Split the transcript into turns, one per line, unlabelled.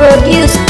produce